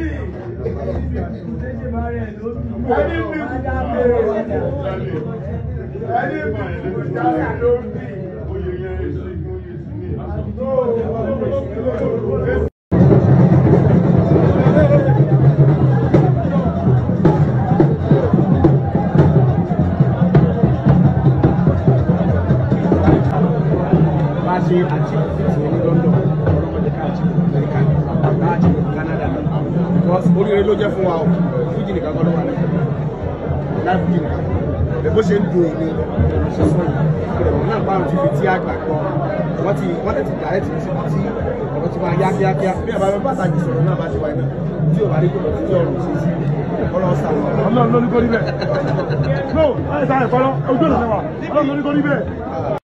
bí ṣéṣe máa rẹ̀ ló bí ẹni bí kúta bèrè ẹni bí kúta bèrè ló bí oyè yẹn èso ìgbóyè sí ní àtúntò. ṣe àti ìfẹ̀sẹ̀ ní London. because oríire ló jẹ́ fún wa o fújì nìkan kọ́ ló wà lẹ́yìn láì fújì nìkan bó ṣe ń do èmi ṣe sọ ìrẹ̀wọ̀n náà bá ti fi tí a gbà gbọ́ wọ́n ti wọ́n ti dàrẹ́ ti ti ti ọ̀rọ̀ ti máa yá kíákíá bí àbá bá tàbí sọ̀rọ̀ náà bá ti wáyé náà tí ò bá rí kòtò tí ọ̀rọ̀ ṣe sí ọlọ́ sàmù. ọlọ́run ló ní kó rí bẹ́ẹ̀. no ẹ sáré kọ́lọ́ ojú ọ̀sẹ̀ wa ọlọ́run ló ní kó rí